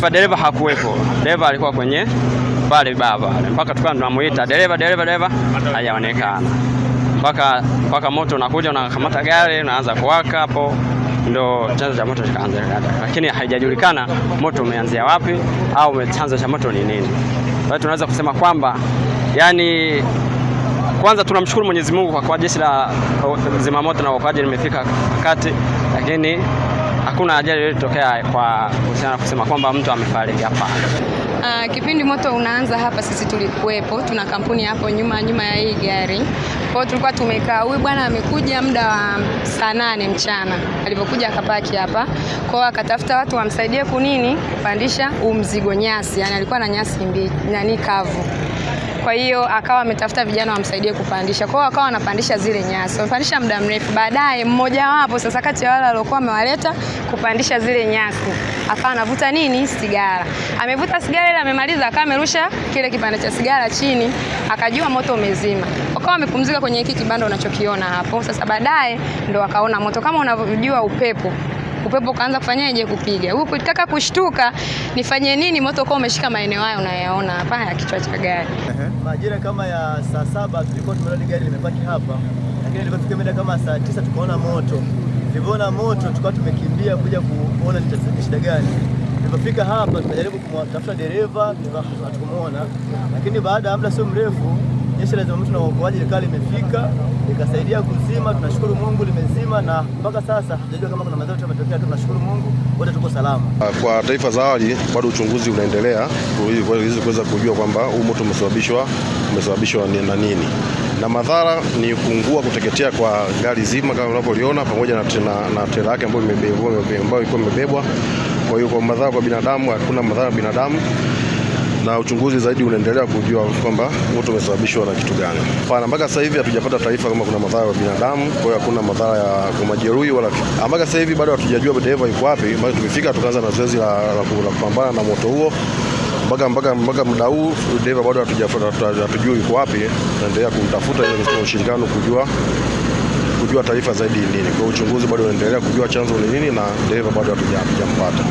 taarifa, dereva hakuwepo. Dereva alikuwa kwenye pale baba mpaka tukawa tunamuita dereva, dereva, dereva hajaonekana mpaka mpaka moto unakuja unakamata gari unaanza kuwaka, hapo ndo chanzo cha moto kikaanza, lakini haijajulikana moto umeanzia wapi au chanzo cha moto ni nini. Kwa hiyo tunaweza kusema kwamba yani, kwanza tunamshukuru Mwenyezi Mungu kwa kwa jeshi la zimamoto na uokoaji limefika wakati, lakini hakuna ajali iliyotokea kwa kuhusiana na kusema kwamba mtu amefariki hapa. Uh, ah, kipindi moto unaanza hapa sisi tulikuwepo, tuna kampuni hapo nyuma nyuma ya hii gari. Kwa hiyo tulikuwa tumekaa, huyu bwana amekuja muda wa saa nane mchana, alipokuja akapaki hapa. Kwa hiyo akatafuta watu wamsaidie kunini kupandisha umzigo nyasi, yani alikuwa na nyasi mbili, nani kavu kwa hiyo akawa ametafuta vijana wamsaidie kupandisha. Kwa hiyo akawa anapandisha zile nyasi. amepandisha muda mrefu. Baadaye mmoja wapo sasa kati ya wale waliokuwa amewaleta kupandisha zile nyasi, akawa anavuta nini? Sigara. Amevuta sigara ile amemaliza akawa amerusha kile kipande cha sigara chini, akajua moto umezima. Wakawa amepumzika kwenye hiki kibanda unachokiona hapo. Sasa baadaye ndo akaona moto kama unavyojua upepo upepo ukaanza kufanyaje kupiga. Huko ukitaka kushtuka nifanye nini, moto kwa umeshika maeneo hayo unayaona hapa ya kichwa cha gari. Majira kama ya saa saba tulikuwa tumeona gari limebaki hapa. Lakini ilipofika mida kama saa tisa tukaona moto. Tulipoona moto tukawa tumekimbia kuja kuona ni shida gani. Tulipofika hapa tunajaribu kumtafuta dereva, hatukumuona. Lakini baada ya muda sio mrefu jeshi la zimamoto na uokoaji likawa limefika likasaidia kuzima. Tunashukuru Mungu limezima, na mpaka sasa hatujajua kama kuna madhara yametokea. Tunashukuru Mungu, wote tuko salama. Ah, kwa taifa za awali, bado uchunguzi unaendelea ili kuweza kujua kwamba huu moto umesababishwa umesababishwa na nini, na madhara ni kuungua, kuteketea kwa gari zima kama unavyoliona, pamoja na tena na tela yake ambayo imebebwa. Kwa hiyo kwa madhara kwa binadamu, hakuna madhara binadamu na uchunguzi zaidi unaendelea kujua kwamba moto umesababishwa na kitu gani. Pana mpaka sasa hivi hatujapata taarifa kama kuna madhara ya binadamu, kwa hiyo hakuna madhara ya majeruhi wala kitu. Ah, mpaka sasa hivi bado hatujajua dereva yuko wapi, mpaka tumefika tukaanza na zoezi la kupambana na moto huo mpaka mpaka mpaka muda huu dereva bado hatujui yuko wapi, tunaendelea kumtafuta ili ushirikiano kujua kujua taarifa zaidi nini. Kwa uchunguzi bado unaendelea kujua chanzo ni nini, na dereva bado hatujampata.